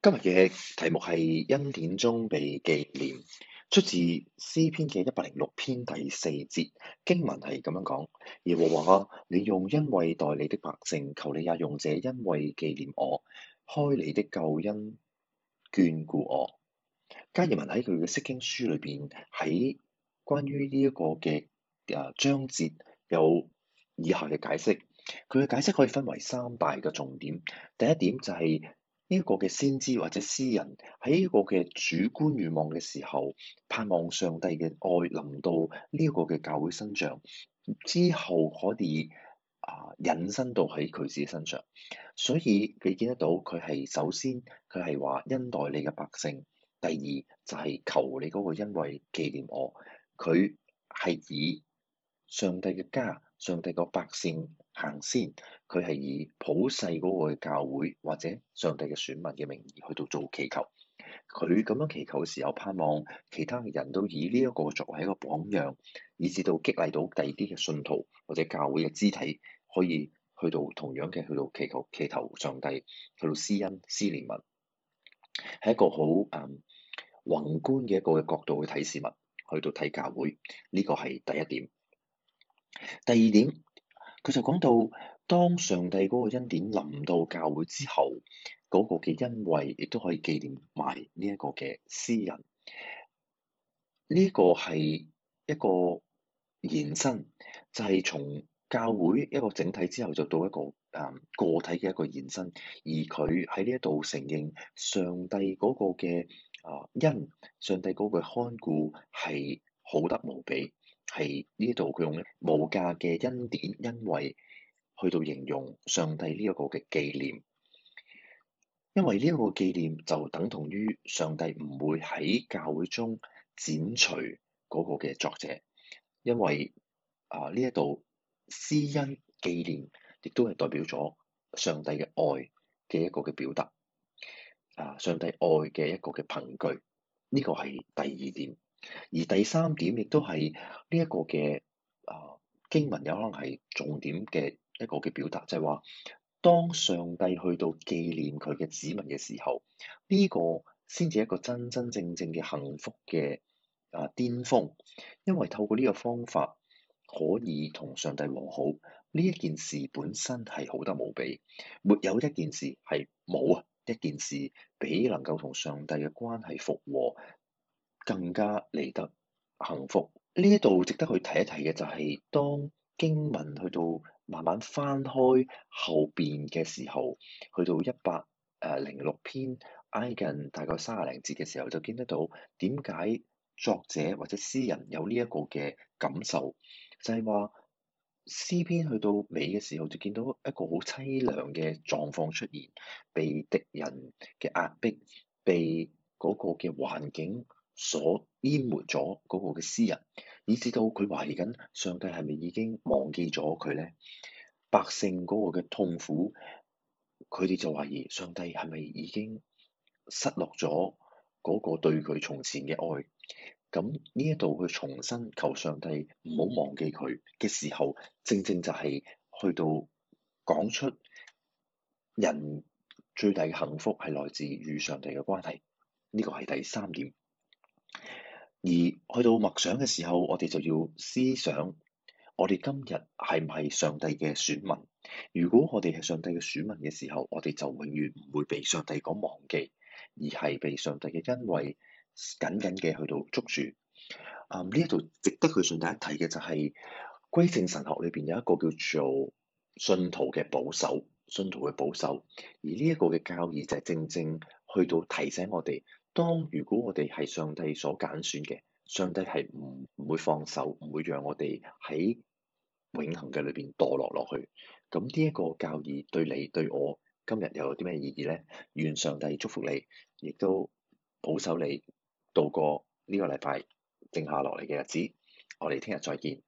今日嘅題目係恩典中被紀念，出自詩篇嘅一百零六篇第四節，經文係咁樣講：耶和華啊，你用恩惠待你的百姓，求你也用這恩惠紀念我，開你的救恩眷顧我。加爾文喺佢嘅釋經書裏邊，喺關於呢一個嘅章節有以下嘅解釋，佢嘅解釋可以分為三大嘅重點。第一點就係、是。呢一個嘅先知或者詩人喺呢個嘅主觀願望嘅時候，盼望上帝嘅愛臨到呢一個嘅教會身上，之後可以啊、呃、引申到喺佢自己身上，所以你見得到佢係首先佢係話恩待你嘅百姓，第二就係、是、求你嗰個恩惠記念我，佢係以上帝嘅家。上帝個百姓行先，佢係以普世嗰個教會或者上帝嘅選民嘅名義去到做祈求。佢咁樣祈求嘅時候，盼望其他嘅人都以呢一個作為一個榜樣，以至到激勵到第二啲嘅信徒或者教會嘅肢體可以去到同樣嘅去到祈求祈求上帝去到施恩施憐憫，係一個好、um, 宏觀嘅一個角度去睇事物，去到睇教會，呢個係第一點。第二點，佢就講到當上帝嗰個恩典臨到教會之後，嗰、那個嘅恩惠亦都可以記念埋呢一個嘅詩人，呢、這個係一個延伸，就係、是、從教會一個整體之後，就到一個誒、嗯、個體嘅一個延伸，而佢喺呢一度承認上帝嗰個嘅啊恩，上帝嗰個看顧係好得無比。係呢度佢用嘅無價嘅恩典，恩惠去到形容上帝呢一個嘅紀念，因為呢一個紀念就等同於上帝唔會喺教會中剪除嗰個嘅作者，因為啊呢一度施恩紀念，亦都係代表咗上帝嘅愛嘅一個嘅表達，啊上帝愛嘅一個嘅憑據，呢個係第二點。而第三點亦都係呢一個嘅啊經文有可能係重點嘅一個嘅表達，就係話當上帝去到紀念佢嘅子民嘅時候，呢個先至一個真真正正嘅幸福嘅啊巔峰，因為透過呢個方法可以同上帝和好，呢一件事本身係好得無比，沒有一件事係冇啊一件事比能夠同上帝嘅關係復和。更加嚟得幸福。呢一度值得去睇一睇嘅就係、是、當經文去到慢慢翻開後邊嘅時候，去到一百誒零六篇挨近大概卅零字嘅時候，就見得到點解作者或者詩人有呢一個嘅感受，就係話詩篇去到尾嘅時候，就見到一個好淒涼嘅狀況出現，被敵人嘅壓迫，被嗰個嘅環境。所淹沒咗嗰個嘅詩人，以至到佢懷疑緊上帝係咪已經忘記咗佢咧？百姓嗰個嘅痛苦，佢哋就懷疑上帝係咪已經失落咗嗰個對佢從前嘅愛，咁呢一度去重新求上帝唔好忘記佢嘅時候，正正就係去到講出人最大嘅幸福係來自與上帝嘅關係，呢、這個係第三點。而去到默想嘅時候，我哋就要思想：我哋今日係唔係上帝嘅選民？如果我哋係上帝嘅選民嘅時候，我哋就永遠唔會被上帝講忘記，而係被上帝嘅恩惠緊緊嘅去到捉住。啊、嗯，呢一度值得去順帶一睇嘅就係、是、歸正神學裏邊有一個叫做信徒嘅保守，信徒嘅保守。而呢一個嘅教義就係正正去到提醒我哋。當如果我哋係上帝所揀選嘅，上帝係唔唔會放手，唔會讓我哋喺永恆嘅裏邊墮落落去。咁呢一個教義對你對我今日又有啲咩意義咧？願上帝祝福你，亦都保守你度過呢個禮拜剩下落嚟嘅日子。我哋聽日再見。